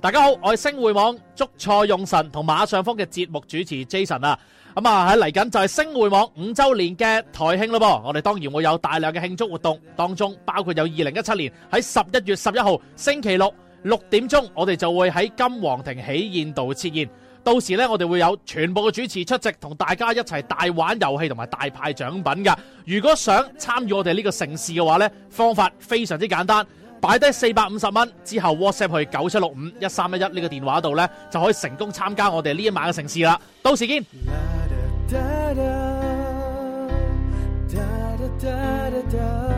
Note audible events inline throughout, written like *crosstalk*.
大家好，我係星匯網捉錯用神同馬上風嘅節目主持 Jason 啊，咁啊喺嚟緊就係星匯網五周年嘅台慶咯噃。我哋當然會有大量嘅慶祝活動，當中包括有二零一七年喺十一月十一號星期六六點鐘，鐘，我哋就會喺金皇庭喜宴度設宴，到時呢，我哋會有全部嘅主持出席，同大家一齊大玩遊戲同埋大派獎品噶。如果想參與我哋呢個盛事嘅話呢，方法非常之簡單。擺低四百五十蚊之後，WhatsApp 去九七六五一三一一呢個電話度呢，就可以成功參加我哋呢一晚嘅盛事啦！到時見。 *music*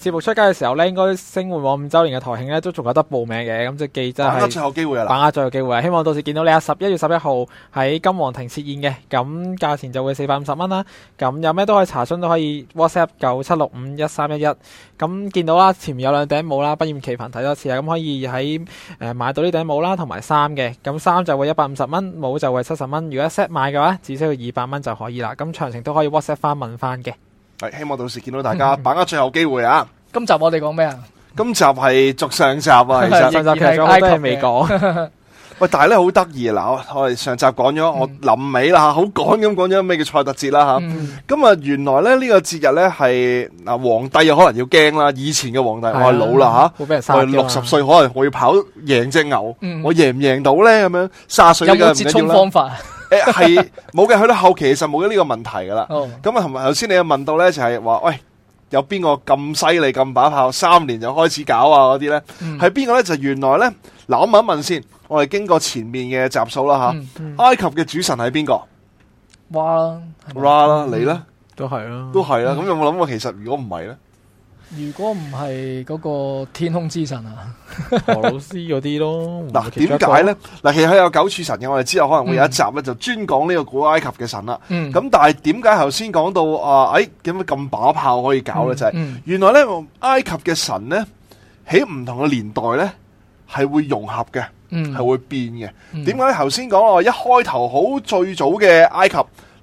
節目出街嘅時候咧，應該星煥王五周年嘅台慶咧，都仲有得報名嘅，咁即係記真係把握最後機會啦，把握最後機會啊！希望到時見到你啊！十一月十一號喺金皇庭設宴嘅，咁價錢就會四百五十蚊啦。咁有咩都可以查詢，都可以 WhatsApp 九七六五一三一一。咁見到啦，前面有兩頂帽啦，不厭其煩睇多次啊！咁可以喺誒、呃、買到呢頂帽啦，同埋衫嘅。咁衫就會一百五十蚊，帽就會七十蚊。如果 set 買嘅話，只需要二百蚊就可以啦。咁詳情都可以 WhatsApp 翻問翻嘅。係，希望到時見到大家把握最後機會啊！今集我哋講咩啊？今集係續上集啊，其實而係未講。喂，但係咧，好得意嗱，我哋上集講咗，我臨尾啦，好趕咁講咗咩叫賽特節啦吓。咁啊，原來咧呢個節日咧係啊，皇帝又可能要驚啦。以前嘅皇帝，我係老啦吓，我六十歲，可能我要跑贏隻牛，我贏唔贏到咧咁樣？卅歲有冇折衷方法？誒，係冇嘅，去到後期其實冇咗呢個問題噶啦。咁啊，同埋頭先你有問到咧，就係話，喂，有邊個咁犀利咁把炮，三年就開始搞啊嗰啲咧？係邊個咧？就原來咧，嗱，我問一問先，我哋經過前面嘅集數啦吓，嗯嗯、埃及嘅主神係邊個？Ra 啦，你咧、嗯？都係啦，都係啦。咁、嗯嗯、有冇諗過，其實如果唔係咧？如果唔係嗰個天空之神啊， *laughs* 荷魯斯嗰啲咯。嗱，點解呢？嗱，其實有九柱神嘅，我哋之後可能會有一集咧，就專講呢個古埃及嘅神啦。咁、嗯、但係點解頭先講到啊？誒、哎，點解咁把炮可以搞呢？就係、是、原來呢，埃及嘅神呢，喺唔同嘅年代呢，係會融合嘅，係、嗯、會變嘅。點解咧？頭先講我一開頭好最早嘅埃及。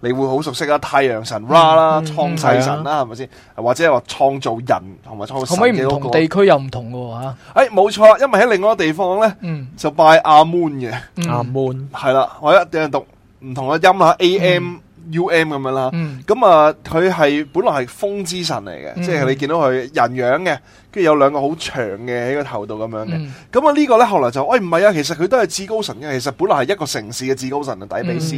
你會好熟悉啊，太陽神 Ra 啦，創世神啦，係咪先？或者係話創造人同埋創造，可唔可以唔同地區又唔同嘅吓？誒，冇錯，因為喺另外一個地方咧，嗯、就拜阿 Moon 嘅，阿 Moon 係啦，我一定讀唔同嘅音啊，A M、嗯。U.M. 咁樣啦，咁啊佢係本來係風之神嚟嘅，um, 即係你見到佢人樣嘅，跟住有兩個好長嘅喺、um, 個頭度咁樣嘅。咁啊呢個咧後來就，喂、哎，唔係啊，其實佢都係至高神嘅，其實本來係一個城市嘅至高神啊，底比斯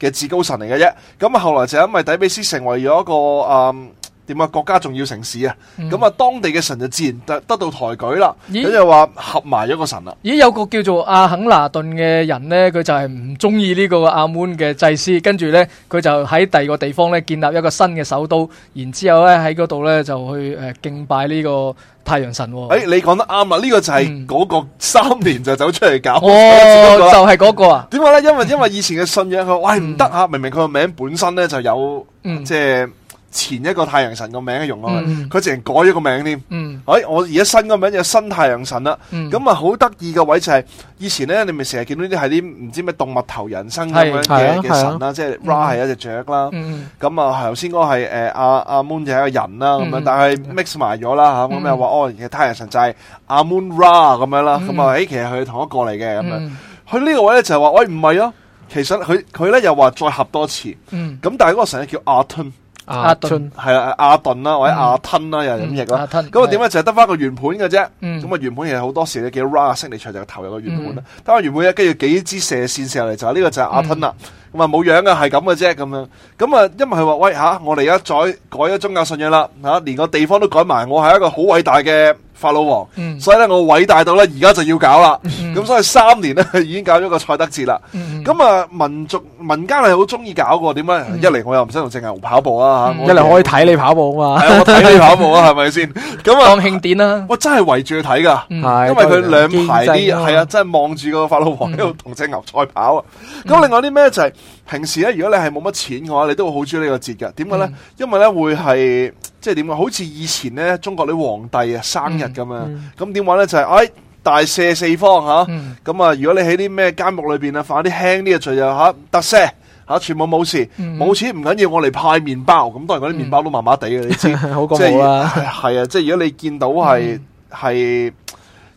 嘅至高神嚟嘅啫。咁啊、um, 後來就因為底比斯成為咗一個啊。Um, 點啊？國家重要城市啊，咁啊、嗯，當地嘅神就自然得得到抬舉啦。佢就話合埋咗個神啦。咦？有個叫做阿肯拿頓嘅人咧，佢就係唔中意呢個阿門嘅祭司，跟住咧佢就喺第二個地方咧建立一個新嘅首都，然之後咧喺嗰度咧就去誒、呃、敬拜呢個太陽神。誒、欸，你講得啱啊！呢、這個就係嗰個三年就走出嚟搞，哦、 *laughs* 就係嗰個啊？點解咧？因為因為以前嘅信仰佢，嗯、喂唔得啊，明明佢個名本身咧就有即係。嗯嗯前一個太陽神個名用咯，佢淨係改咗個名添。哎，我而家新個名就係新太陽神啦。咁啊，好得意個位就係以前咧，你咪成日見到啲係啲唔知咩動物頭人身咁樣嘅嘅神啦，即係 Ra 係一隻雀啦。咁啊，頭先嗰個係誒阿阿 Moon 就係一個人啦咁樣，但係 mix 埋咗啦吓，咁又話哦，其實太陽神就係阿 Moon Ra 咁樣啦。咁啊，誒其實佢同一個嚟嘅咁樣。佢呢個位咧就係話，喂唔係囉，其實佢佢咧又話再合多次。咁但係嗰個神咧叫阿吞。阿頓係啊頓，阿頓啦，或者阿吞啦，又係噉譯啦。咁、嗯、啊點解就係得翻個圓盤嘅啫。咁啊、嗯、圓盤其實好多時咧幾 r a u n d 場就投入個圓盤啦。得翻、嗯、圓盤咧跟住幾支射線射嚟，就係呢個就係阿吞啦。咁啊冇樣嘅係咁嘅啫咁樣。咁啊因為佢話喂嚇、啊，我哋而家再改咗宗教信仰啦嚇、啊，連個地方都改埋，我係一個好偉大嘅。法老王，所以咧我偉大到咧，而家就要搞啦。咁所以三年咧已經搞咗個賽德節啦。咁啊，民族民間係好中意搞噶，點解？一嚟我又唔使同隻牛跑步啊，一嚟我可以睇你跑步啊，我睇你跑步啊，係咪先？咁啊，當慶典啦！我真係圍住去睇噶，因為佢兩排啲係啊，真係望住個法老王喺度同隻牛賽跑啊。咁另外啲咩就係平時咧，如果你係冇乜錢嘅話，你都會好中意呢個節噶。點解咧？因為咧會係。即係點啊？好似以前咧，中國啲皇帝啊生日咁啊，咁點話咧就係，哎大赦四方吓，咁啊如果你喺啲咩監獄裏邊啊犯啲輕啲嘅罪就吓得赦吓，全部冇事，冇錢唔緊要，我嚟派麵包。咁當然嗰啲麵包都麻麻地嘅，你知好講啊？係啊，即係如果你見到係係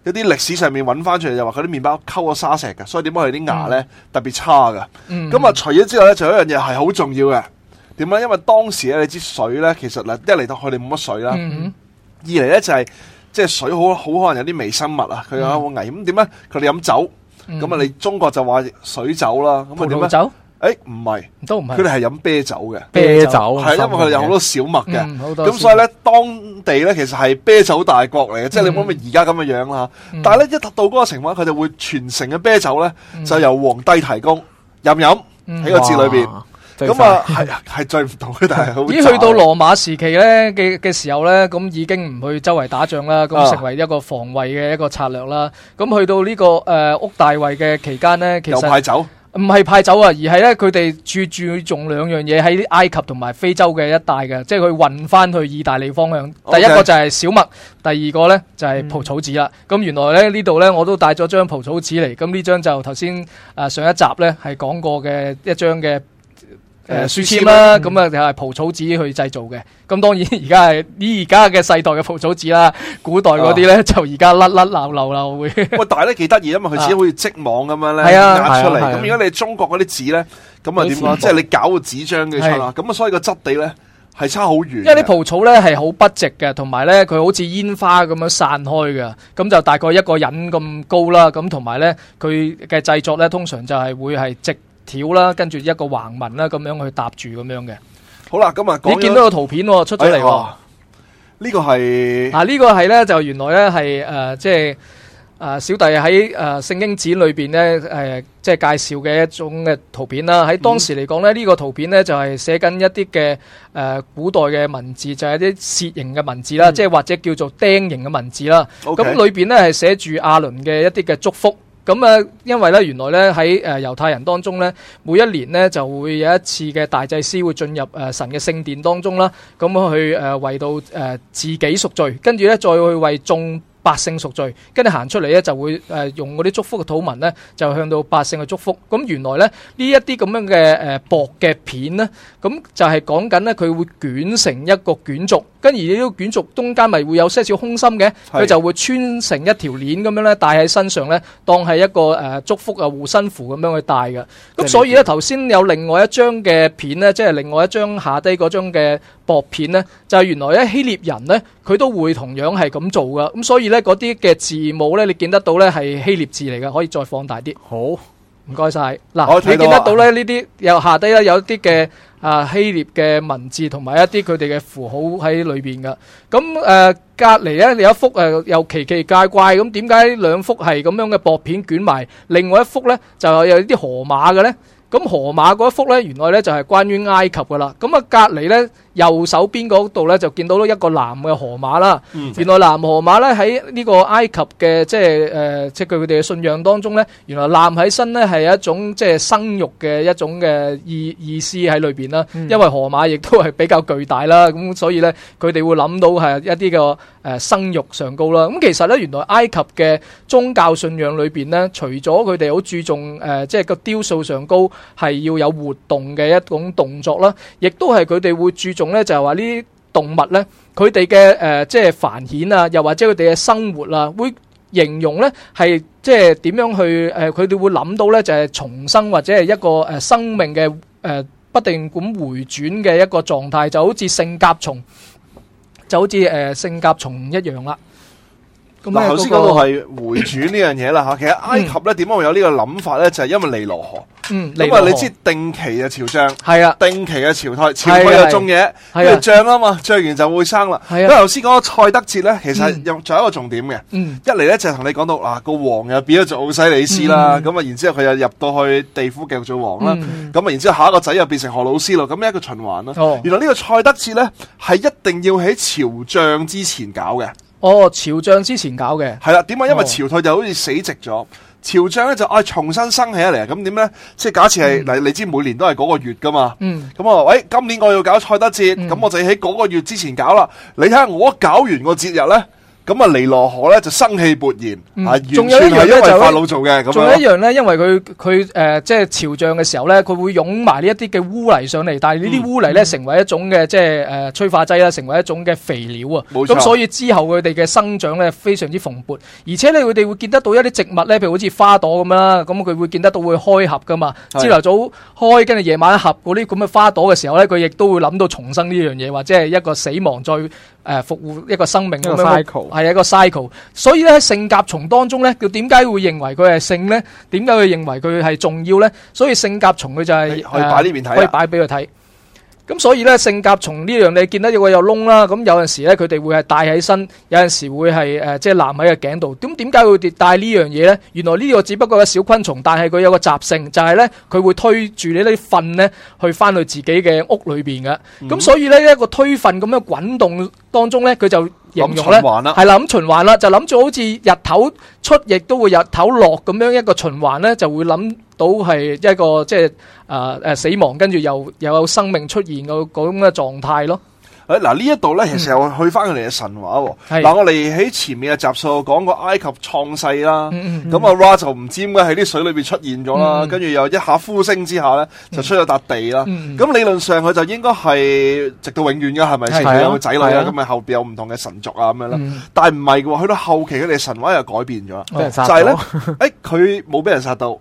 一啲歷史上面揾翻出嚟，就話嗰啲麵包溝咗沙石嘅，所以點解佢啲牙咧特別差嘅？咁啊除咗之後咧，仲有一樣嘢係好重要嘅。點咧？因為當時咧，你知水咧，其實嗱，一嚟到佢哋冇乜水啦；二嚟咧就係，即係水好好可能有啲微生物啊，佢有好危險。點咧？佢哋飲酒咁啊！你中國就話水酒啦，咁佢點咧？誒，唔係，都唔係，佢哋係飲啤酒嘅，啤酒係啦，因為佢哋有好多小麥嘅。咁所以咧，當地咧其實係啤酒大國嚟嘅，即係你摸唔而家咁嘅樣啦？但係咧一達到嗰個情況，佢哋會全城嘅啤酒咧就由皇帝提供飲飲喺個字裏邊。咁啊，係啊，係最唔同嘅，但係好。咦？去到羅馬時期咧嘅嘅時候咧，咁已經唔去周圍打仗啦，咁成為一個防衛嘅一個策略啦。咁去到呢個誒屋大維嘅期間咧，其實唔係派走啊，而係咧佢哋注注重兩樣嘢喺埃及同埋非洲嘅一帶嘅，即係佢運翻去意大利方向。第一個就係小麥，第二個咧就係蒲草紙啦。咁原來咧呢度咧我都帶咗張蒲草紙嚟，咁呢張就頭先誒上一集咧係講過嘅一張嘅。誒，書簽啦，咁啊就係蒲草紙去製造嘅。咁當然而家係呢而家嘅世代嘅蒲草紙啦，古代嗰啲咧就而家甩甩漏漏啦會。喂，但係咧幾得意，因為佢只好似織網咁樣咧壓出嚟。咁如果你係中國嗰啲紙咧，咁啊點啊？即係你搞個紙張嘅出啊。咁啊，所以個質地咧係差好遠。因為啲蒲草咧係好筆直嘅，同埋咧佢好似煙花咁樣散開嘅。咁就大概一個人咁高啦。咁同埋咧，佢嘅製作咧通常就係會係直條啦，跟住一個橫紋啦，咁樣去搭住咁樣嘅。好啦，咁啊，你見到個圖片出咗嚟，哎，這個啊這個，呢個係啊呢個係咧，就原來咧係誒，即係誒小弟喺誒聖經子裏邊咧，誒即係介紹嘅一種嘅圖片啦。喺當時嚟講咧，呢、嗯、個圖片咧就係，是，寫緊一啲嘅誒古代嘅文字，就係一啲楔形嘅文字啦，即係，嗯、或者叫做釘形嘅文字啦。咁，嗯、裏邊咧係寫住亞倫嘅一啲嘅祝福。咁啊，因為咧，原來咧喺誒猶太人當中咧，每一年咧就會有一次嘅大祭司會進入誒神嘅聖殿當中啦，咁去誒為到誒自己贖罪，跟住咧再去為眾百姓贖罪，跟住行出嚟咧就會誒用嗰啲祝福嘅土文咧，就向到百姓去祝福。咁原來咧呢一啲咁樣嘅誒薄嘅片咧，咁就係講緊咧佢會捲成一個卷軸。跟住呢啲卷軸中間咪會有些少空心嘅，佢是就會穿成一條鏈咁樣咧，戴喺身上咧，當係一個誒祝福啊護身符咁樣去戴嘅。咁面所以咧，頭先有另外一張嘅片咧，即係另外一張下低嗰張嘅薄片咧，就係、是、原來咧希臘人咧，佢都會同樣係咁做嘅。咁所以咧，嗰啲嘅字母咧，你見得到咧係希臘字嚟嘅，可以再放大啲。好，唔該晒。嗱，你見得到咧呢啲又下低咧有啲嘅。啊，希臘嘅文字同埋一啲佢哋嘅符號喺裏、呃、邊嘅。咁誒隔離咧有一幅誒、呃、又奇奇怪怪，咁點解兩幅係咁樣嘅薄片捲埋，另外一幅咧就有啲河馬嘅咧？咁河馬嗰一幅咧，原來咧就係、是、關於埃及㗎喇。咁啊隔離咧。右手邊度咧就見到一個藍嘅河馬啦。嗯、原來藍河馬咧喺呢個埃及嘅即係誒即係佢哋嘅信仰當中咧，原來藍起身咧係一種即係、就是、生育嘅一種嘅意意思喺裏邊啦。嗯、因為河馬亦都係比較巨大啦，咁所以咧佢哋會諗到係一啲嘅誒生育上高啦。咁、嗯、其實咧，原來埃及嘅宗教信仰裏邊咧，除咗佢哋好注重誒即係個雕塑上高係要有活動嘅一種動作啦，亦都係佢哋會注重。種咧就係話呢啲動物咧，佢哋嘅誒，即係繁衍啊，又或者佢哋嘅生活啊，會形容咧係即係點樣去誒，佢哋會諗到咧就係重生或者係一個誒生命嘅誒不定咁回轉嘅一個狀態，就好似聖甲蟲，就好似誒聖甲蟲一樣啦。嗱，頭先講到係回轉呢樣嘢啦吓，其實埃及咧點解會有呢個諗法咧，就係因為尼羅河，因為你知定期嘅潮漲，係啊，定期嘅潮退，潮又種嘢，跟住漲啊嘛，漲完就會生啦。咁頭先講個塞德節咧，其實又仲有一個重點嘅，一嚟咧就係同你講到嗱個王又變咗做奧西里斯啦，咁啊然之後佢又入到去地府繼續做王啦，咁啊然之後下一個仔又變成荷魯斯咯，咁一個循環啦。原來呢個塞德節咧係一定要喺潮漲之前搞嘅。哦，潮漲之前搞嘅係啦，點解？因為潮退就好似死寂咗，潮漲咧就哎重新生起嚟，咁點呢？即係假設係，嗱、嗯，你知每年都係嗰個月噶嘛？嗯，咁啊，喂，今年我要搞賽德節，咁、嗯、我就喺嗰個月之前搞啦。你睇下，我搞完個節日呢。咁啊，尼羅河咧就生氣勃然，啊，完全係因為法老做嘅。咁仲、嗯、有一 being、就是、有一樣咧，因為佢佢誒，即係、呃就是、潮漲嘅時候咧，佢會湧埋呢一啲嘅污泥上嚟。但係呢啲污泥咧、呃呃呃呃呃，成為一種嘅即係誒催化劑啦，成為一種嘅肥料啊。冇錯。咁所以之後佢哋嘅生長咧，非常之蓬勃。而且咧，佢哋會見得到一啲植物咧，譬如好似花朵咁啦。咁佢會見得到會開合噶嘛？朝頭早開，跟住夜晚合。嗰啲咁嘅花朵嘅時候咧，佢亦都會諗到重生呢樣嘢，或者係一個死亡再誒復活一個生命咁樣。係一個 cycle，所以咧，聖甲蟲當中咧，佢點解會認為佢係聖咧？點解佢認為佢係重要咧？所以聖甲蟲佢就係、是、可以擺呢邊睇，可以擺俾佢睇。咁所以咧，聖甲蟲呢樣你見到有個有窿啦，咁有陣時咧，佢哋會係戴起身，有陣時會係誒、呃，即係男喺個頸度。咁點解會帶呢樣嘢咧？原來呢個只不過嘅小昆蟲，但係佢有個習性，就係、是、咧，佢會推住你啲糞咧去翻去自己嘅屋裏邊嘅。咁、嗯、所以咧，一個推糞咁樣滾動當中咧，佢就。形容咧，係啦，咁循環啦，就諗住好似日頭出亦都會日頭落咁樣一個循環咧，就會諗到係一個即係誒誒死亡，跟住又又有生命出現嗰種嘅狀態咯。嗱，呢一度咧，其實又去翻佢哋嘅神話。嗱，我哋喺前面嘅集數講過埃及創世啦，咁阿 Ra 就唔知點解喺啲水裏邊出現咗啦，跟住又一下呼聲之下咧，就出咗笪地啦。咁理論上佢就應該係直到永遠嘅，係咪先？有個仔女啦，咁咪後邊有唔同嘅神族啊咁樣啦。但係唔係嘅話，去到後期佢哋神話又改變咗，就係咧，誒佢冇俾人殺到。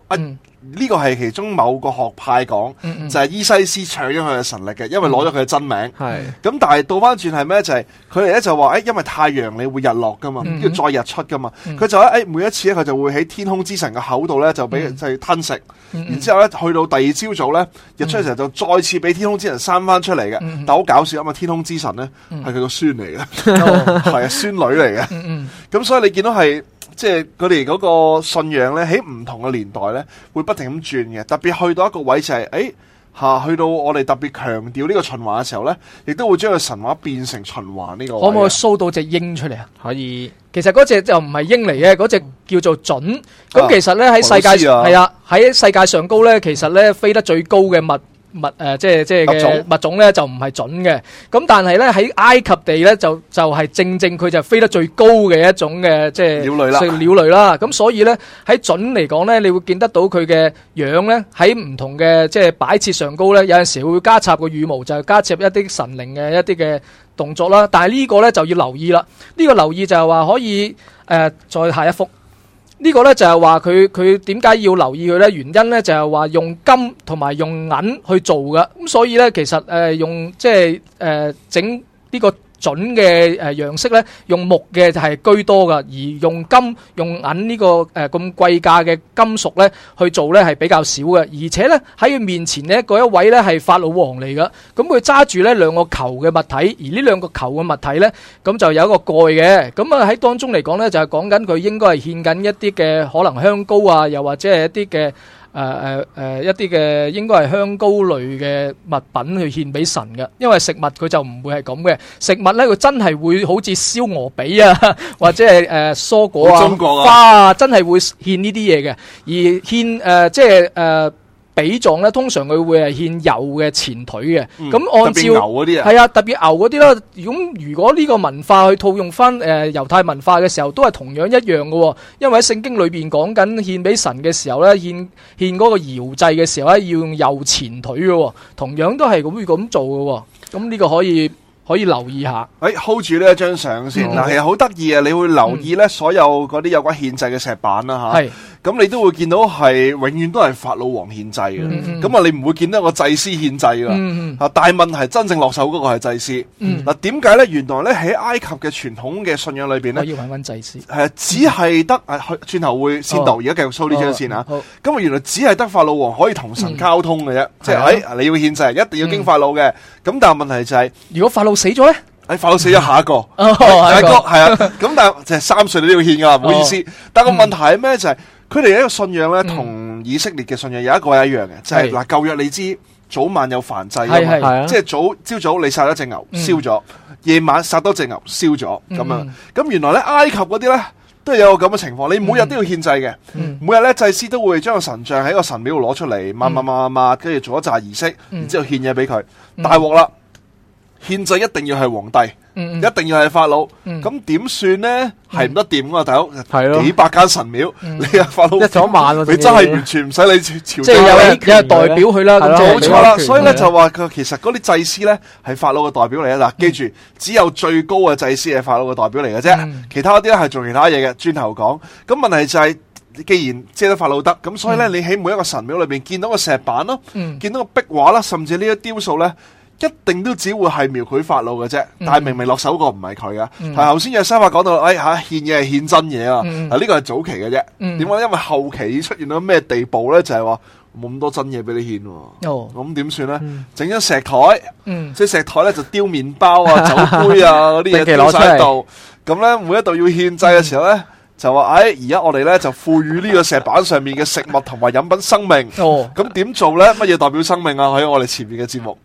呢個係其中某個學派講，就係伊西斯搶咗佢嘅神力嘅，因為攞咗佢嘅真名。係咁，但係倒翻轉係咩？就係佢哋咧就話誒，因為太陽你會日落噶嘛，要再日出噶嘛。佢就話誒每一次咧，佢就會喺天空之神嘅口度咧就俾人就吞食。然之後咧去到第二朝早咧，日出嘅時候就再次俾天空之神生翻出嚟嘅。但係好搞笑，吖嘛，天空之神咧係佢個孫嚟嘅，係啊，孫女嚟嘅。咁所以你見到係。即係佢哋嗰個信仰咧，喺唔同嘅年代咧，會不停咁轉嘅。特別去到一個位就係、是，誒、哎、吓、啊，去到我哋特別強調呢個循環嘅時候咧，亦都會將個神話變成循環呢個。可唔可以 show 到隻鷹出嚟啊？可以。其實嗰隻就唔係鷹嚟嘅，嗰隻叫做隼。咁其實咧喺、啊、世界係啊，喺世界上高咧，其實咧飛得最高嘅物物誒，即係即係物種咧就唔係準嘅。咁但係咧喺埃及地咧就就係正正佢就飛得最高嘅一種嘅即係鳥類啦。即係鳥類啦。咁所以咧喺準嚟講咧，你會見得到佢嘅樣咧喺唔同嘅即係擺設上高咧，有陣時會加插個羽毛，就係加插一啲神靈嘅一啲嘅動作啦。但係呢個咧就要留意啦。呢個留意就係話可以誒再下一幅，呢個呢，就係話佢，佢點解要留意佢呢，原因呢？就係、是、話用金同埋用銀去做嘅，咁所以呢，其實誒、呃、用即係誒整呢個。準嘅誒樣式咧，用木嘅就係居多噶，而用金、用銀呢個誒咁貴價嘅金屬咧，去做咧係比較少嘅。而且咧喺佢面前咧，嗰一位咧係法老王嚟噶，咁佢揸住呢兩個球嘅物體，而呢兩個球嘅物體咧，咁就有一個蓋嘅。咁啊喺當中嚟講咧，就係講緊佢應該係獻緊一啲嘅可能香膏啊，又或者係一啲嘅。誒誒誒，一啲嘅應該係香膏類嘅物品去獻俾神嘅，因為食物佢就唔會係咁嘅。食物咧，佢真係會好似燒鵝髀啊，或者係誒、呃、蔬果啊、花啊，真係會獻呢啲嘢嘅。而獻誒、呃，即係誒。呃比葬咧，通常佢會係獻右嘅前腿嘅。咁、嗯、按照牛啲，係啊，特別牛嗰啲啦。咁如果呢個文化去套用翻誒猶太文化嘅時候，都係同樣一樣嘅。因為喺聖經裏邊講緊獻俾神嘅時候咧，獻獻嗰個窯祭嘅時候咧，要用右前腿嘅，同樣都係咁樣做嘅。咁呢個可以可以留意下。誒，hold 住呢一張相先啦，嗯、其實好得意啊！你會留意咧，所有嗰啲有關獻祭嘅石板啦，吓、嗯。嗯咁你都會見到係永遠都係法老王獻祭嘅，咁啊你唔會見到個祭司獻祭噶，啊但問題係真正落手嗰個係祭司。嗱點解咧？原來咧喺埃及嘅傳統嘅信仰裏邊咧，要揾揾祭司，係只係得誒，轉頭會先導，而家繼續 show 呢張先啊。咁啊原來只係得法老王可以同神交通嘅啫，即係誒你要獻祭，一定要經法老嘅。咁但係問題就係，如果法老死咗咧，誒法老死咗下一個，下一個係啊。咁但係就係三歲你都要獻噶，唔好意思。但係個問題係咩？就係。佢哋有一個信仰咧，同以色列嘅信仰有一個係一樣嘅，就係、是、嗱的，舊約你知早晚有燔祭噶，即係早朝早你殺咗隻牛、嗯、燒咗，夜晚殺多隻牛燒咗咁啊，咁、嗯、原來咧埃及嗰啲咧都有個咁嘅情況，你每日都要獻祭嘅，嗯、每日咧祭司都會將神像喺個神廟度攞出嚟，抹抹抹抹，跟住做一紮儀式，然之後，後獻嘢俾佢，大鑊啦！獻祭一定要係皇帝，一定要係法老，咁點算呢？係唔得掂啊，大佬！係咯，幾百間神廟，你啊法老一千萬，你真係完全唔使理朝政。即係有有代表佢啦，冇錯啦。所以咧就話佢其實嗰啲祭司咧係法老嘅代表嚟啊！嗱，記住只有最高嘅祭司係法老嘅代表嚟嘅啫，其他啲咧係做其他嘢嘅。轉頭講，咁問題就係既然遮得法老得，咁所以咧你喺每一個神廟裏邊見到個石板啦，見到個壁畫啦，甚至呢啲雕塑咧。一定都只會係描繪法老嘅啫，但係明明落手個唔係佢啊！但係頭先嘅西法講到，哎吓獻嘢係獻真嘢啊！嗱呢個係早期嘅啫，點解？因為後期出現咗咩地步咧？就係話冇咁多真嘢俾你獻，咁點算咧？整張石台，即係石台咧就丟麵包啊、酒杯啊嗰啲嘢丟晒喺度，咁咧每一度要獻祭嘅時候咧，就話哎而家我哋咧就賦予呢個石板上面嘅食物同埋飲品生命，咁點做咧？乜嘢代表生命啊？喺我哋前面嘅節目。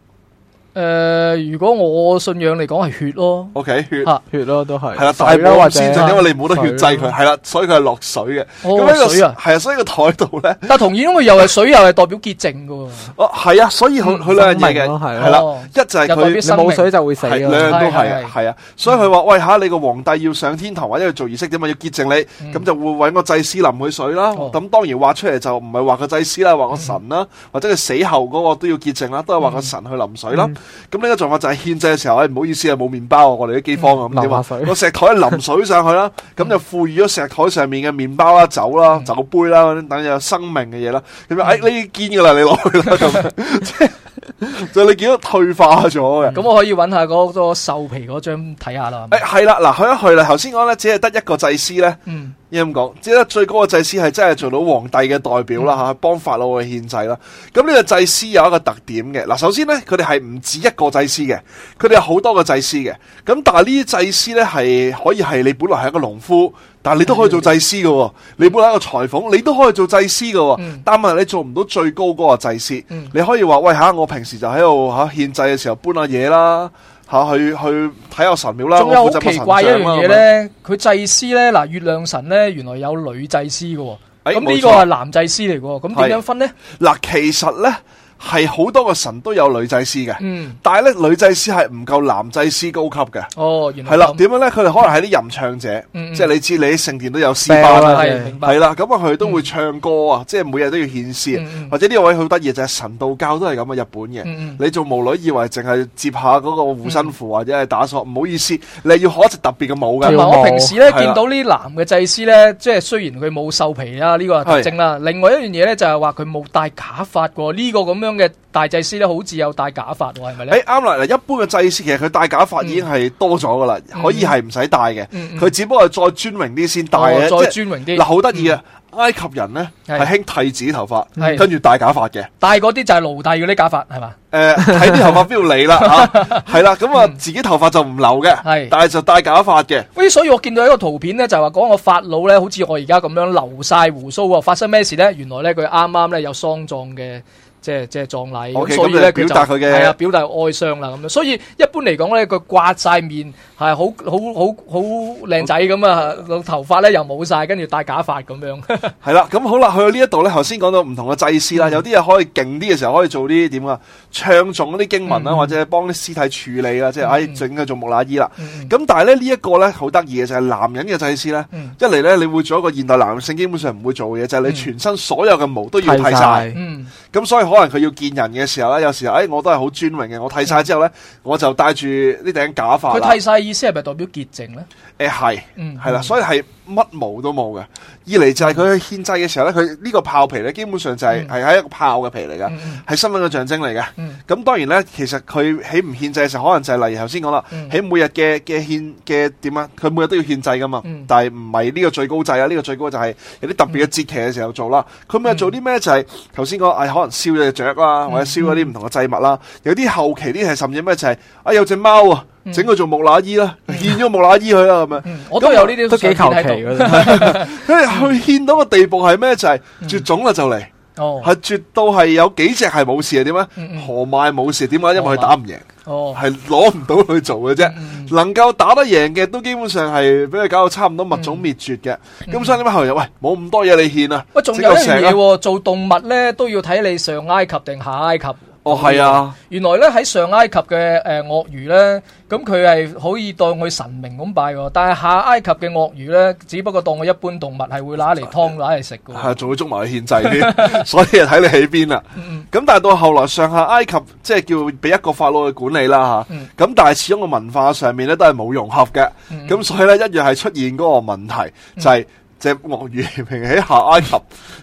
誒，如果我信仰嚟講係血咯，OK，血血咯都係係啦，代表乾淨，因為你冇得血祭佢，係啦，所以佢係落水嘅。咁呢個水啊，所以個台度咧，但同意因為又係水又係代表潔淨噶。哦，係啊，所以佢佢係兩樣嘅，係啦，一就係佢冇水就會死，兩樣都係，係啊，所以佢話喂吓，你個皇帝要上天堂或者要做儀式點啊，要潔淨你，咁就會搵個祭司淋佢水啦。咁當然畫出嚟就唔係畫個祭司啦，畫個神啦，或者佢死後嗰個都要潔淨啦，都係畫個神去淋水啦。咁呢個做法就係獻祭嘅時候，哎，唔好意思啊，冇麵包啊，我哋啲饑荒咁點啊？個石台淋水上去啦，咁 *laughs* 就賦予咗石台上面嘅麵包啦、酒啦、酒杯啦嗰啲等有生命嘅嘢啦。咁誒、 *laughs* 哎，你見噶啦，你落去啦， *laughs* *laughs* 就你見到退化咗嘅。咁、嗯、我可以揾下嗰個獸皮嗰張睇下啦。誒，係啦、哎，嗱去一去啦。頭先講咧，只係得一個祭司咧。嗯。依咁講，即係最高嘅祭司係真係做到皇帝嘅代表啦吓，幫、啊、法老去獻祭啦。咁呢個祭司有一個特點嘅，嗱，首先咧，佢哋係唔止一個祭司嘅，佢哋有好多個祭司嘅。咁但係呢啲祭司咧，係可以係你本來係一個農夫，但係你都可以做祭司嘅。你本來一個裁縫，你都可以做祭司嘅。但係你做唔到最高嗰個祭司，你可以話喂吓、啊，我平時就喺度吓獻祭嘅時候搬下嘢啦。吓去去睇下神廟啦，仲有好奇怪一樣嘢咧，佢祭司咧，嗱月亮神咧，原來有女祭司嘅，咁呢、欸、個係男祭司嚟嘅，咁點錯樣分咧？嗱，其實咧。係好多個神都有女祭司嘅，但係咧，女祭司係唔夠男祭司高級嘅。哦，係啦，點樣咧？佢哋可能係啲吟唱者，即係你知，你聖殿都有詩班啦，係啦，咁啊佢都會唱歌啊，即係每日都要獻詩，或者呢位好得意就係神道教都係咁啊，日本嘅。你做巫女以為淨係接下嗰個護身符或者係打索，唔好意思，你要學隻特別嘅舞噶。我平時咧見到呢男嘅祭司咧，即係雖然佢冇獸皮啊呢個係特徵啦，另外一樣嘢咧就係話佢冇戴假髮噶，呢個咁。嘅大祭師咧，好似有戴假髮，係咪咧？誒，啱啦。嗱，一般嘅祭師其實佢戴假髮已經係多咗噶啦，可以係唔使戴嘅。佢只不過係再尊榮啲先戴再尊榮啲嗱，好得意啊！埃及人咧係興剃自己頭髮，跟住戴假髮嘅，戴嗰啲就係奴隸嗰啲假髮係嘛？誒，睇啲頭髮邊度嚟啦？吓係啦，咁啊，自己頭髮就唔留嘅，係但係就戴假髮嘅。所以我見到一個圖片咧，就話講個法老咧，好似我而家咁樣留晒鬍鬚啊。發生咩事咧？原來咧佢啱啱咧有喪葬嘅。即即係葬禮咁，Okay, 所以咧表達佢嘅係啊，表達哀傷啦咁樣。所以一般嚟講咧，佢掛晒面。係好好好好靚仔咁啊！老頭髮咧又冇晒，跟住戴假髮咁樣。係啦，咁好啦，去到呢一度咧，頭先講到唔同嘅祭司啦，有啲嘢可以勁啲嘅時候，可以做啲點啊唱誦嗰啲經文啊，或者幫啲屍體處理啊，即係唉整下做木乃伊啦。咁但係咧，呢一個咧好得意嘅就係男人嘅祭司咧，一嚟咧，你會做一個現代男性基本上唔會做嘅嘢，就係你全身所有嘅毛都要剃晒。嗯，咁所以可能佢要見人嘅時候咧，有時候唉，我都係好尊榮嘅，我剃晒之後咧，我就戴住呢頂假髮。佢剃晒。意思係咪代表潔淨咧？誒、呃，係嗯係啦，係嗯、所以係。乜毛都冇嘅，二嚟就係佢去獻祭嘅時候咧，佢呢個炮皮咧，基本上就係係喺一個炮嘅皮嚟嘅，係身份嘅象徵嚟嘅。咁當然咧，其實佢喺唔獻祭嘅時候，可能就係例如頭先講啦，喺每日嘅嘅獻嘅點啊，佢每日都要獻祭噶嘛，但係唔係呢個最高祭啊，呢個最高就係有啲特別嘅節期嘅時候做啦。佢每日做啲咩就係頭先講，可能燒咗隻雀啦，或者燒咗啲唔同嘅祭物啦。有啲後期啲係甚至咩？就係啊有隻貓啊，整個做木乃伊啦，變咗木乃伊佢啦咁樣。我都有呢啲祈求佢去獻到個地步係咩？就係、是、絕種啦，就嚟、嗯，係、哦、絕到係有幾隻係冇事？點解？河、嗯嗯、馬冇事？點解？因為佢打唔贏，係攞唔到去做嘅啫。嗯嗯、能夠打得贏嘅，都基本上係俾佢搞到差唔多物種滅絕嘅。咁、嗯嗯、所以點解後日喂，冇咁多嘢你獻啊！喂，仲有一樣嘢，啊、做動物咧都要睇你上埃及定下埃及。哦，係啊！原來咧喺上埃及嘅，誒鱷魚咧，咁佢係可以當佢神明咁拜嘅，但係下埃及嘅鱷魚咧，只不過當佢一般動物係會攞嚟劏攞嚟食嘅。係仲、哦、會捉埋去獻祭添， *laughs* 所以啊睇你喺邊啦。咁、嗯、但係到後來上下埃及即係叫俾一個法老去管理啦吓。咁、啊嗯、但係始終個文化上面咧都係冇融合嘅。咁、嗯嗯、所以咧一樣係出現嗰個問題就係、是。隻鱷魚平起下埃及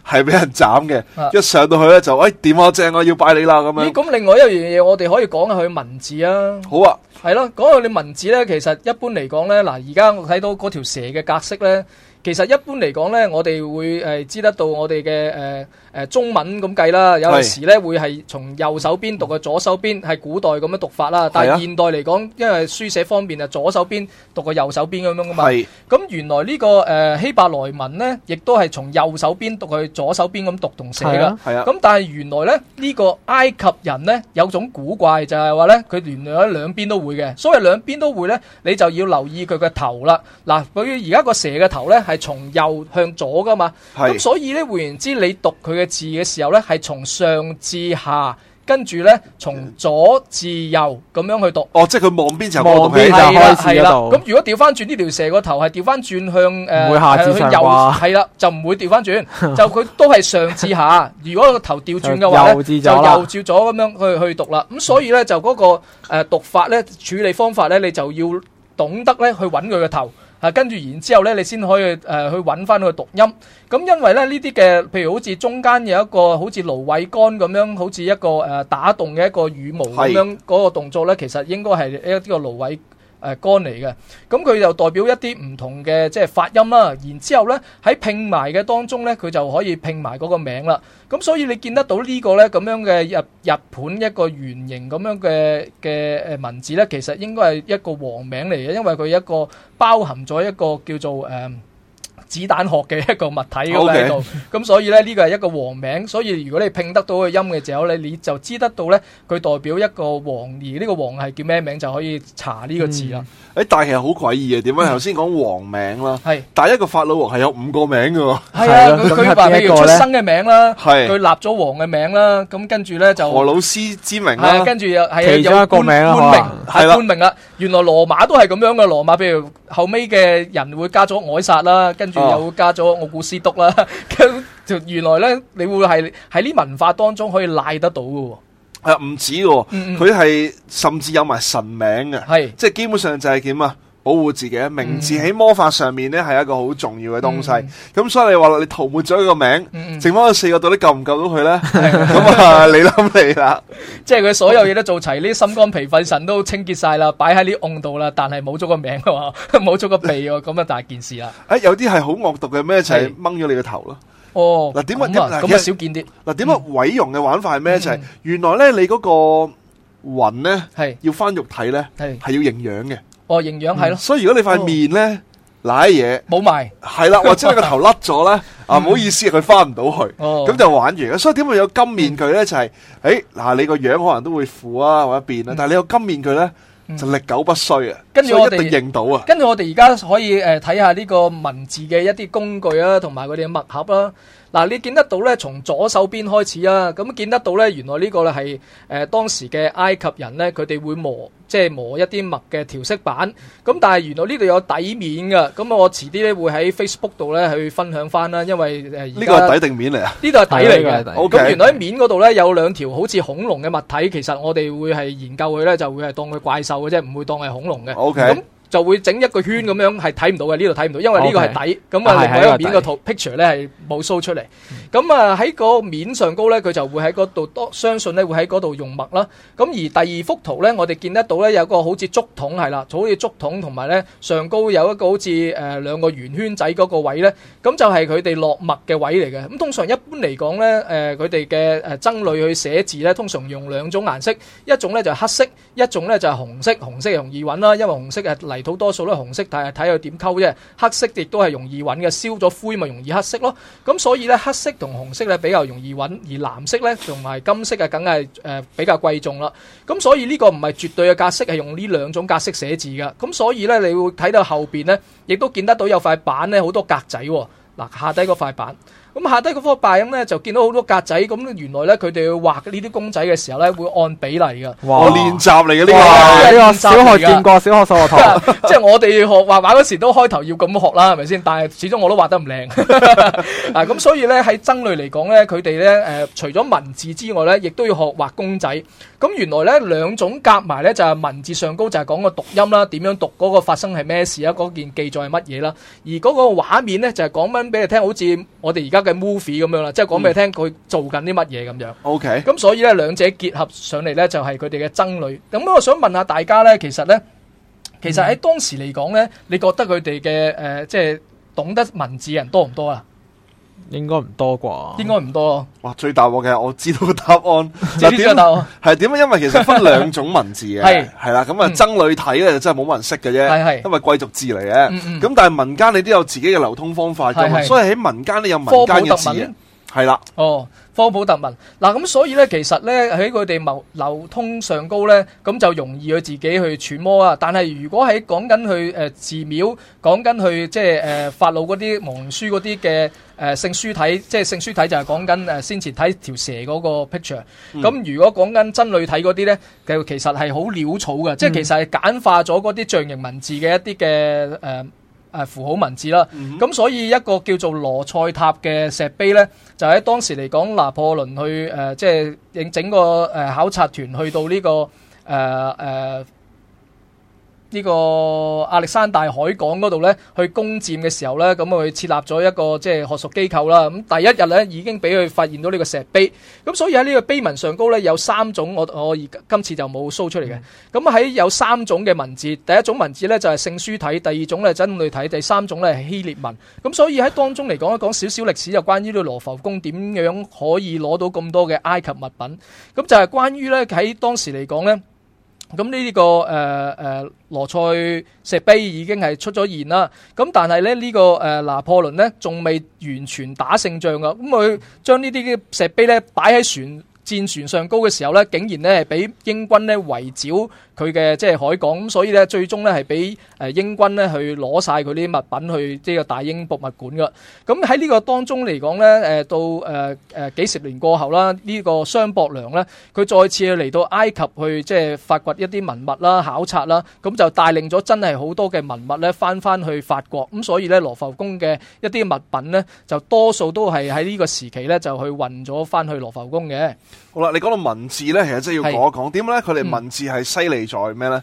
係俾人斬嘅， *laughs* 一上到去咧就，哎點啊？正我、啊、要拜你啦咁樣。咁另外一樣嘢，我哋可以講下佢文字啊。好啊，係咯，講下你文字咧，其實一般嚟講咧，嗱而家我睇到嗰條蛇嘅格式咧。其實一般嚟講呢，我哋會誒、呃、知得到我哋嘅誒誒中文咁計啦，啊、有陣時咧會係從右手邊讀去左手邊，係古代咁樣讀法啦。啊、但係現代嚟講，因為書寫方便啊，左手邊讀個右手邊咁樣噶嘛。係咁、啊、原來呢、這個誒希、呃、伯來文呢，亦都係從右手邊讀去左手邊咁讀同寫噶。係咁、啊啊、但係原來呢、呢、這個埃及人呢，有種古怪，就係話呢，佢連咗兩邊都會嘅，所謂兩邊都會呢，你就要留意佢嘅頭啦。嗱，佢而家個蛇嘅頭呢。係從右向左噶嘛，咁是所以咧，換言之，你讀佢嘅字嘅時候咧，係從上至下，跟住咧，從左至右咁樣去讀。哦，即係佢望邊望邊 就望邊就開始啦。咁如果調翻轉呢條蛇個頭，係調翻轉向誒，係去右，係啦，就唔會調翻轉， *laughs* 就佢都係上至下。 *laughs* 如果個頭調轉嘅話咧，就右至左咁樣去去讀啦。咁、嗯、所以咧，就嗰個誒讀法咧，處理方法咧，你就要懂得咧去揾佢個頭。啊，跟住然之後咧，你先可以誒、呃、去揾翻個讀音。咁、嗯、因為咧呢啲嘅，譬如好似中間有一個好似蘆葦竿咁樣，好似一個誒、呃、打動嘅一個羽毛咁樣嗰的個動作咧，其實應該係一啲個蘆葦。這個蘆葦誒、啊、歌嚟嘅，咁佢就代表一啲唔同嘅即係發音啦、啊。然之後呢，喺拼埋嘅當中呢，佢就可以拼埋嗰個名啦。咁、嗯、所以你見得到呢個呢，咁樣嘅日日本一個圓形咁樣嘅嘅誒文字呢，其實應該係一個王名嚟嘅，因為佢一個包含咗一個叫做誒。呃子彈殼嘅一個物體喺度，咁所以咧呢個係一個王名，所以如果你拼得到個音嘅時候咧，你就知得到咧佢代表一個王，而呢個王係叫咩名就可以查呢個字啦。誒，但係其實好詭異嘅，點解頭先講王名啦？係，但一個法老王係有五個名嘅喎。啊，佢話譬如出生嘅名啦，係佢立咗王嘅名啦，咁跟住咧就荷魯斯之名啦，跟住又係有一個名啊嘛，係啦，官名啦，原來羅馬都係咁樣嘅，羅馬譬如後尾嘅人會加咗凱撒啦，跟住。又加咗我古詩讀啦，就 *laughs* 原來咧你會係喺啲文化當中可以賴得到嘅喎，哦啊。係唔止，哦，佢係，嗯嗯，甚至有埋神名嘅，係是的 即係基本上就係點啊？保護自己，名字喺魔法上面咧係一個好重要嘅東西。咁所以你話你塗抹咗個名，剩翻個四個度，你救唔救到佢咧？咁啊，你諗你啦，即係佢所有嘢都做齊，啲心肝脾肺腎都清潔晒啦，擺喺呢甕度啦，但係冇咗個名嘅冇咗個鼻哦，咁啊大件事啦。誒，有啲係好惡毒嘅咩？就係掹咗你個頭咯。哦，嗱，點啊？咁啊，少見啲。嗱，點啊？毀容嘅玩法係咩？就係原來咧，你嗰個魂咧，係要翻肉體咧，係要營養嘅。哦，營養係咯，所以如果你塊面咧瀨嘢，冇埋，係啦，或者你個頭甩咗咧，啊，唔好意思，佢返唔到去，咁就玩完啦。所以點會有金面具咧？就係，誒，嗱，你個樣可能都會腐啊或者變啦，但係你有金面具咧，就歷久不衰啊。跟住我一定認到啊。跟住我哋而家可以誒睇下呢個文字嘅一啲工具啦，同埋佢哋嘅墨盒啦。嗱、啊，你見得到咧？從左手邊開始啊，咁見得到咧，原來呢個咧係誒當時嘅埃及人咧，佢哋會磨，即係磨一啲墨嘅調色板。咁但係原來呢度有底面嘅，咁我遲啲咧會喺 Facebook 度咧去分享翻啦，因為誒呢個係底定面嚟啊，呢度係底嚟嘅。Okay。咁原來喺面嗰度咧有兩條好似恐龍嘅物體，其實我哋會係研究佢咧，就會係當佢怪獸嘅啫，唔會當係恐龍嘅。Okay。就會整一個圈咁樣係睇唔到嘅，呢度睇唔到，因為呢個係底。咁啊，另外個面嘅圖 picture 咧係冇 show 出嚟。咁啊喺個面上高咧，佢就會喺嗰度多，相信咧會喺嗰度用墨啦。咁而第二幅圖咧，我哋見得到咧有個好似竹筒係啦，好似竹筒同埋咧上高有一個好似誒兩個圓圈仔嗰個位咧，咁就係佢哋落墨嘅位嚟嘅。咁通常一般嚟講咧，誒佢哋嘅誒僧侶去寫字咧，通常用兩種顏色，一種咧就係黑色，一種咧就係紅，紅色。紅色容易揾啦，因為紅色係土多數都係紅色，但係睇下點溝啫。黑色亦都係容易揾嘅，燒咗灰咪容易黑色咯。咁所以呢，黑色同紅色呢比較容易揾，而藍色呢同埋金色啊，梗係誒比較貴重啦。咁所以呢個唔係絕對嘅格式，係用呢兩種格式寫字㗎。咁所以呢，你會睇到後邊呢，亦都見得到有塊板呢，好多格仔。嗱，下低嗰塊板。咁下低嗰幅畫咧，就見到好多格仔。咁原來咧，佢哋要畫呢啲公仔嘅時候咧，會按比例噶哇！練習嚟嘅呢個，呢個小學見過，小學數學堂。即係我哋學畫畫嗰時，都開頭要咁學啦，係咪先？但係始終我都畫得唔靚。啊，咁所以咧喺增類嚟講咧，佢哋咧誒，除咗文字之外咧，亦都要學畫公仔。咁原來咧，兩種夾埋咧，就係文字上高就係講個讀音啦，點樣讀嗰個發生係咩事啊？嗰件記載係乜嘢啦？而嗰個畫面咧，就係講緊俾你聽，好似我哋而家嘅 movie 咁樣啦，即係講俾你聽佢做緊啲乜嘢咁樣。OK，咁所以咧兩者結合上嚟咧就係佢哋嘅僧侶。咁我想問下大家咧，其實咧，其實喺當時嚟講咧，你覺得佢哋嘅誒，即、呃、係、就是、懂得文字人多唔多啊？應該唔多啩，應該唔多。哇，最大鑊嘅我知道答案。嗱， *laughs* 點樣，係點樣啊？因為其實分兩種文字嘅，係係啦。咁啊的，僧侶體咧，就真係冇人識嘅啫。係係，因為貴族字嚟嘅。咁、嗯嗯、但係民間你都有自己嘅流通方法咁，的所以喺民間你有民間嘅字。係啦，哦，科普特文嗱，咁、啊、所以咧，其實咧喺佢哋流流通上高咧，咁就容易佢自己去揣摩啊。但係如果喺講緊去誒寺、呃、廟，講緊去即係誒法老嗰啲亡書嗰啲嘅誒聖書體，即係聖書體就係講緊誒先前睇條蛇嗰個 picture。咁、嗯、如果講緊僧侶體嗰啲咧，就其實係好潦草嘅，嗯、即係其實係簡化咗嗰啲象形文字嘅一啲嘅誒。呃誒符號文字啦，咁、嗯、哼所以一個叫做羅塞塔嘅石碑咧，就喺當時嚟講，拿破崙去誒，即係影整個誒、呃、考察團去到呢、這個誒誒。呃呃呢個亞歷山大海港嗰度咧，去攻佔嘅時候咧，咁佢設立咗一個即係學術機構啦。咁第一日咧，已經俾佢發現到呢個石碑。咁所以喺呢個碑文上高咧，有三種我我而今次就冇 show 出嚟嘅。咁喺有三種嘅文字，第一種文字咧就係、是、聖書體，第二種咧真女體，第三種咧希臘文。咁所以喺當中嚟講一講少少歷史，就關於呢個羅浮宮點樣可以攞到咁多嘅埃及物品。咁就係關於咧喺當時嚟講咧。咁呢啲個誒誒、呃呃、羅塞石碑已經係出咗現啦，咁但係咧呢、這個誒、呃、拿破崙呢，仲未完全打勝仗㗎，咁佢將呢啲嘅石碑咧擺喺船戰船上高嘅時候呢，竟然咧係畀英軍咧圍剿。佢嘅即係海港咁，所以咧最終咧係俾誒英軍咧去攞曬佢呢啲物品去即係大英博物館噶。咁喺呢個當中嚟講咧，誒到誒誒幾十年過後啦，呢個商博良咧，佢再次去嚟到埃及去即係發掘一啲文物啦、考察啦，咁就帶領咗真係好多嘅文物咧翻翻去法國。咁所以咧羅浮宮嘅一啲物品咧，就多數都係喺呢個時期咧就去運咗翻去羅浮宮嘅。好啦，你講到文字咧，其實真係要講一講，點咧？佢哋文字係犀利在咩咧？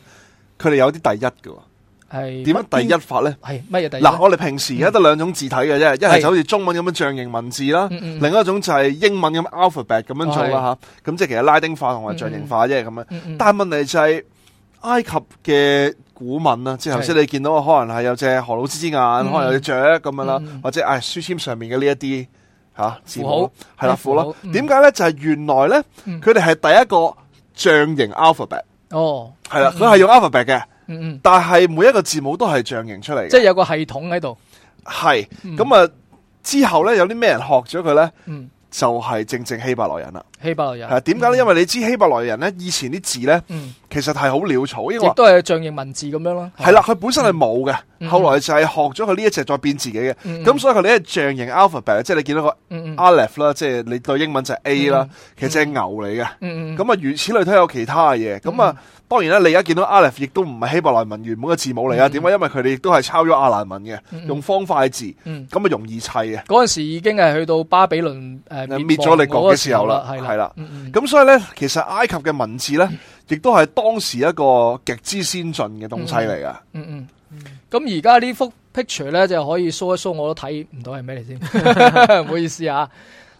佢哋有啲第一嘅，係點樣第一法咧？係乜嘢第一？嗱，我哋平時而家得兩種字體嘅啫，一係就好似中文咁樣象形文字啦，另一種就係英文咁 alphabet 咁樣做啦吓。咁即係其實拉丁化同埋象形化啫咁樣。但係問題就係埃及嘅古文啦，即係頭先你見到可能係有隻何魯斯之眼，可能有隻雀咁樣啦，或者啊書簽上面嘅呢一啲。吓、啊、字母係啦，符咯號，點解咧？就係、是、原來咧，佢哋係第一個象形 alphabet。哦，係啦的，佢係、嗯、用 alphabet 嘅、嗯。嗯嗯。但係每一個字母都係象形出嚟嘅，即係有個系統喺度。係咁啊！之後咧，有啲咩人學咗佢咧？嗯，就係正正正希伯來人啦。希伯來人係點解咧？因為你知希伯來人咧，以前啲字咧，其實係好潦草，因為亦都係象形文字咁樣咯。係啦，佢本身係冇嘅，後來就係學咗佢呢一隻再變自己嘅。咁所以佢哋係象形 alphabet，即係你見到個 aleph 啦，即係你對英文就係 A 啦，其實係牛嚟嘅。咁啊，如此類推有其他嘅嘢。咁啊，當然啦，你而家見到 aleph 亦都唔係希伯來文原本嘅字母嚟啊？點解？因為佢哋亦都係抄咗亞蘭文嘅，用方塊字，咁啊容易砌嘅。嗰陣時已經係去到巴比倫誒滅咗列國嘅時候啦，係啦。係啦，咁、 *noise* 嗯嗯、所以呢，其實埃及嘅文字呢，亦都係當時一個極之先進嘅東西嚟噶、嗯嗯。嗯嗯，咁而家呢幅 picture 呢，就可以 show 一 show，我都睇唔到係咩嚟先，唔 *laughs* *laughs* *laughs* 好意思啊。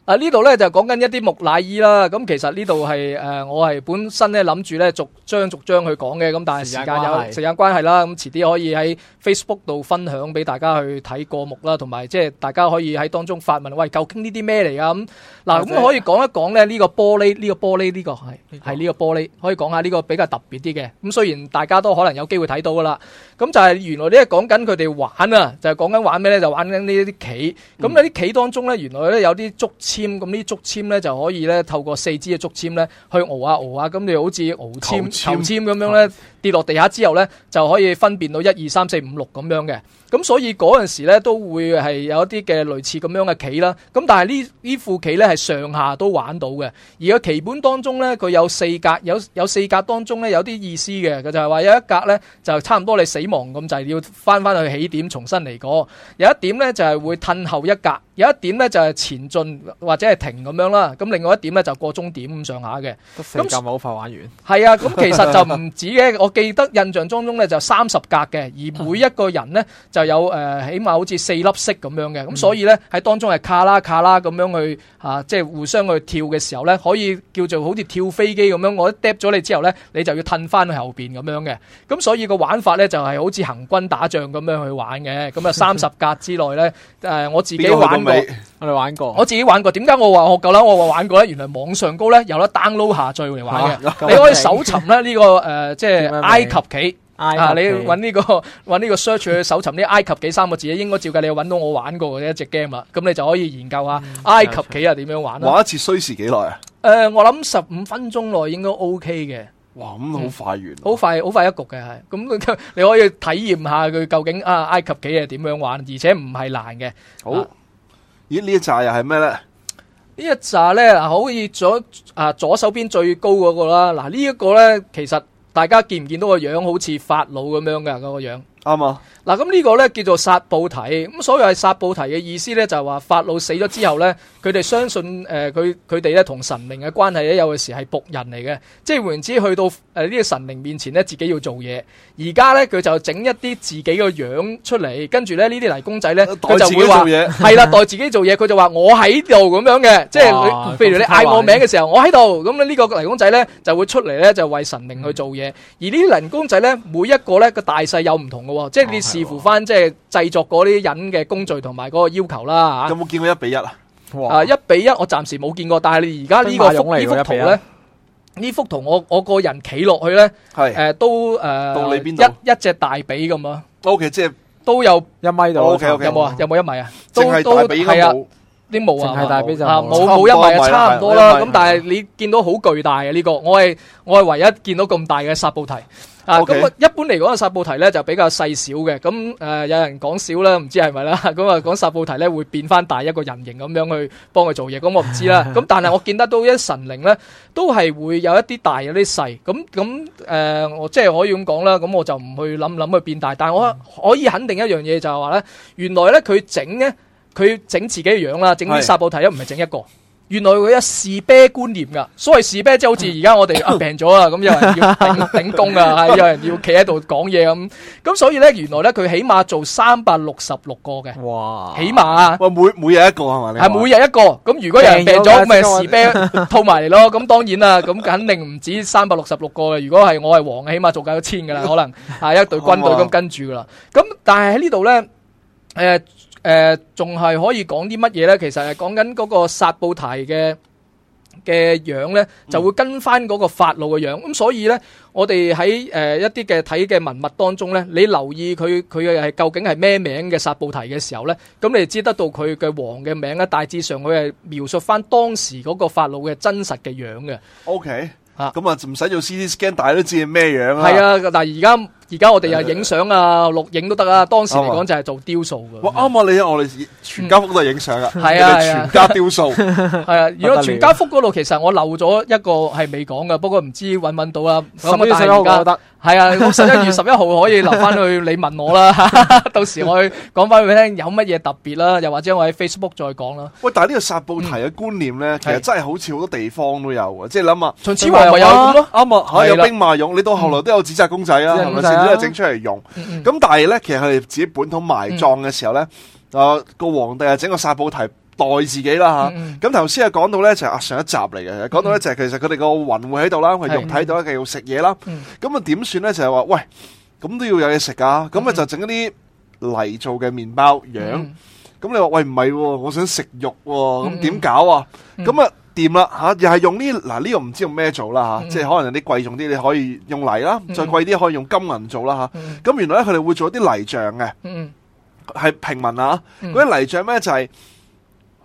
啊！呢度咧就係、講緊一啲木乃伊啦。咁其實呢度係誒我係本身咧諗住咧逐章逐章去講嘅。咁但係時間有時間有關係啦，咁、嗯、遲啲可以喺 Facebook 度分享俾大家去睇過目啦。同埋即係大家可以喺當中發問：喂，究竟呢啲咩嚟㗎？咁、嗯、嗱，咁可以講一講咧呢、呢個玻璃，呢、呢個玻璃，呢、呢個係係呢個玻璃。可以講下呢個比較特別啲嘅。咁雖然大家都可能有機會睇到噶啦。咁就係原來呢講緊佢哋玩啊，就係、係、講緊玩咩咧？就玩緊呢啲棋。咁喺啲棋當中咧，原來咧有啲竹咁呢竹籤咧就可以咧透過四支嘅竹籤咧去搖啊搖啊，咁你好似搖籤、抽籤咁樣咧。跌落地下之後呢，就可以分辨到一二三四五六咁樣嘅。咁所以嗰陣時呢，都會係有一啲嘅類似咁樣嘅棋啦。咁但係呢呢副棋呢，係上下都玩到嘅。而個棋盤當中呢，佢有四格，有有四格當中呢，有啲意思嘅。佢就係話有一格呢，就差唔多你死亡咁，就係要翻翻去起點重新嚟過。有一點呢，就係會褪後一格，有一點呢，就係前進或者係停咁樣啦。咁另外一點呢，就過終點咁上下嘅。咁四格就好快玩完。係啊，咁其實就唔止嘅 *laughs* 我記得印象當中咧就三、是、十格嘅，而每一個人呢，就有誒、呃、起碼好似四粒色咁樣嘅，咁、嗯、所以呢，喺當中係卡啦卡啦咁樣去嚇、啊，即係互相去跳嘅時候呢，可以叫做好似跳飛機咁樣，我一嗒咗你之後呢，你就要褪翻去後邊咁樣嘅，咁所以個玩法呢，就係、是、好似行軍打仗咁樣去玩嘅，咁啊三十格之內呢，誒、 *laughs* 呃、我自己玩過。我哋玩過，我自己玩過。點解我話學夠啦？我話玩過咧，原來網上高咧有得 download 下載嚟玩嘅。你可以搜尋咧呢個誒，即係埃及棋啊！你揾呢個揾呢個 search 去搜尋呢埃及棋三個字，應該照計你揾到我玩過嘅一隻 game 啦。咁你就可以研究下埃及棋啊點樣玩啦。玩一次需時幾耐啊？誒，我諗十五分鐘內應該 OK 嘅。哇，咁好快完，好快好快一局嘅係。咁你可以體驗下佢究竟啊埃及棋係點樣玩，而且唔係難嘅。好。咦？呢一扎又係咩呢？呢一扎咧，好似左啊左手邊最高嗰、嗰個啦。嗱，呢一個呢，其實大家見唔見到個樣好似法老咁樣嘅個樣？啱吧啊。嗱，咁呢個呢，叫做撒布提。咁所謂係撒布提嘅意思呢，就係話、是、法老死咗之後呢。 *laughs* 佢哋相信誒，佢佢哋咧同神靈嘅關係咧，有陣時係僕人嚟嘅，即係換言之，去到誒呢個神靈面前咧，自己要做嘢。而家咧，佢就整一啲自己嘅樣出嚟，跟住咧呢啲泥公仔咧，佢就會話係啦，代自己做嘢。佢 *laughs* 就話我喺度咁樣嘅，即係、啊、譬如你嗌我名嘅時候，我喺度。咁呢個泥公仔咧就會出嚟咧，就為神靈去做嘢。嗯、而呢啲泥公仔咧，每一個咧個大細有唔同嘅，即係你視乎翻即係製作嗰啲人嘅工序同埋嗰個要求啦。有冇見過一比一啊？啊！一比一，我暫時冇見過，但係你而家呢個呢幅圖咧，呢幅圖我我個人企落去咧，誒是、呃、都誒、呃、一一隻大髀咁啊，OK，即係都有一米度 Okay, okay,，有冇啊？有冇一米啊？都都係啊。啲毛啊，冇冇一咪就差唔多啦。咁但係你見到好巨大嘅呢個，我係我係唯一見到咁大嘅沙布提。啊，咁一般嚟講嘅沙布提咧就比較細小嘅。咁誒，有人講少啦，唔知係咪啦。咁啊，講沙布提咧會變翻大一個人形咁樣去幫佢做嘢，咁我唔知啦。咁但係我見得到一神靈咧，都係會有一啲大有啲細。咁咁誒，我即係可以咁講啦。咁我就唔去諗諗佢變大。但係我可以肯定一樣嘢就係話咧，原來咧佢整咧。佢整自己嘅樣啦，整啲沙布提一唔係整一個，原來佢有士啤觀念噶，所謂士啤即係好似而家我哋病咗啊，咁有人要頂頂工啊，有人要企喺度講嘢咁。咁所以咧，原來咧佢起碼做三百六十六個嘅。哇！起碼啊，喂，每每日一個係嘛？係每日一個。咁如果有人病咗，咪士啤套埋嚟咯。咁當然啦，咁肯定唔止三百六十六個嘅。如果係我係王，起碼做夠一千噶啦，可能係一隊軍隊咁跟住噶啦。咁但係喺呢度咧，誒。誒，仲係、呃、可以講啲乜嘢咧？其實係講緊嗰個薩布提嘅嘅樣咧，嗯、就會跟翻嗰個法老嘅樣。咁所以咧，我哋喺誒一啲嘅睇嘅文物當中咧，你留意佢佢嘅係究竟係咩名嘅薩布提嘅時候咧，咁你就知得到佢嘅王嘅名咧，大致上佢係描述翻當時嗰個法老嘅真實嘅樣嘅。O K，吓咁啊，唔使做 C T scan，大家都知係咩樣啦。係啊，但而家。而家我哋又影相啊，錄影都得啊。當時嚟講就係做雕塑噶。哇，啱啊！你我哋全家福都係影相啊，係啊係啊，全家雕塑。係啊，如果全家福嗰度其實我漏咗一個係未講噶，不過唔知搵唔搵到啦。十一月十一號可以留翻去，你問我啦。到時我去講翻俾你聽，有乜嘢特別啦？又或者我喺 Facebook 再講啦。喂，但係呢個沙布提嘅觀念咧，其實真係好似好多地方都有啊。即係諗下，秦始皇咪有咯，啱啊，吓有兵馬俑，你到後來都有紙紮公仔啊，係咪先？之後整出嚟用，咁但係咧，其實佢哋自己本土埋葬嘅時候咧，啊個皇帝啊整個薩布提代自己啦吓，咁頭先啊講到咧就係啊上一集嚟嘅，講到咧就係其實佢哋個魂會喺度啦，佢又睇到，佢又食嘢啦，咁啊點算咧就係話喂，咁都要有嘢食噶，咁啊就整一啲泥做嘅麵包樣，咁你話喂唔係，我想食肉，咁點搞啊，咁啊？掂啦，嚇！又係用呢嗱呢個唔知用咩做啦嚇，即係可能有啲貴重啲，你可以用泥啦，再貴啲可以用金銀做啦嚇。咁原來咧佢哋會做啲泥像嘅，係平民啊嗰啲泥像咧就係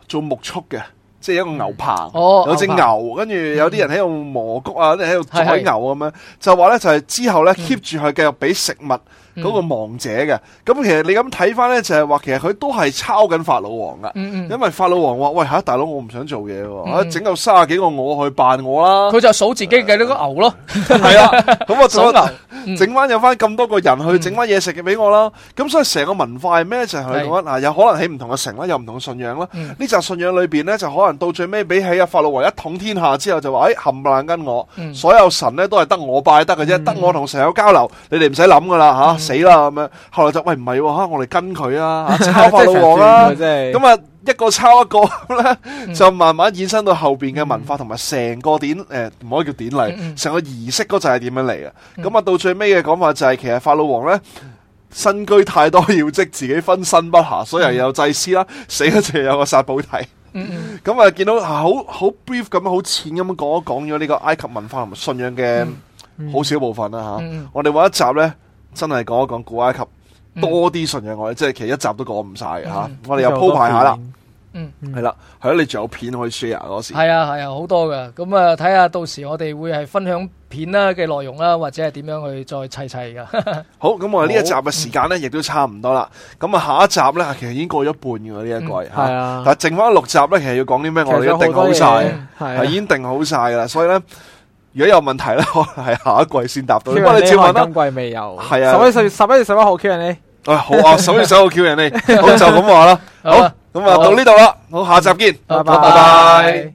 做木畜嘅，即係一個牛棚，有隻牛，跟住有啲人喺度磨谷啊，啲喺度宰牛咁樣，就話咧就係之後咧 keep 住佢繼續俾食物。嗰個亡者嘅，咁其實你咁睇翻咧，就係話其實佢都係抄緊法老王噶，因為法老王話喂，吓大佬，我唔想做嘢，吓整夠三十幾個我去扮我啦。佢就數自己嘅呢個牛咯，係啦，咁我數牛，整翻有翻咁多個人去整翻嘢食嘅俾我啦。咁所以成個文化係咩？就係講啊，有可能喺唔同嘅城咧，有唔同嘅信仰啦。呢扎信仰裏邊咧，就可能到最尾俾起啊法老王一統天下之後，就話誒冚唪爛跟我，所有神咧都係得我拜得嘅啫，得我同神有交流，你哋唔使諗噶啦吓。死啦咁樣，後來就喂唔係吓，我哋跟佢啊，抄法老王啦。咁啊， *laughs* 是一個抄一個咧， *laughs* 就慢慢衍生到後邊嘅文化同埋成個典誒，唔、呃、可以叫典禮，成、嗯、個儀式嗰陣係點樣嚟嘅。咁啊、嗯，到最尾嘅講法就係、是，其實法老王咧身居太多要職，自己分身不暇，所以又有祭司啦，嗯、死咗就有個撒寶提。咁啊，見到好好 brief 咁樣，好淺咁樣講一講咗呢個埃及文化同埋信仰嘅好少部分啦。吓、啊，我哋話一集咧。啊嗯嗯嗯真係講一講古埃及，多啲信仰，我哋，即係其實一集都講唔曬嘅吓。我哋又鋪排下啦，係啦，係咯，你仲有片可以 share 嗰時。係啊係啊，好多噶。咁啊，睇下到時我哋會係分享片啦嘅內容啦，或者係點樣去再砌砌噶。好，咁我哋呢一集嘅時間咧，亦都差唔多啦。咁啊，下一集咧，其實已經過咗一半嘅呢一季。係啊，但係剩翻六集咧，其實要講啲咩，我哋都定好曬，係已經定好曬噶啦。所以咧。如果有問題咧，可能係下一季先答到。我你照問啦。今季未有。係啊，十一十十一月十一號，Q&A 呢？誒、哎、好啊，十一十一號，Q&A 呢？好就咁話啦。好，咁啊，就到呢度啦。好，好，下集見。拜拜。拜拜。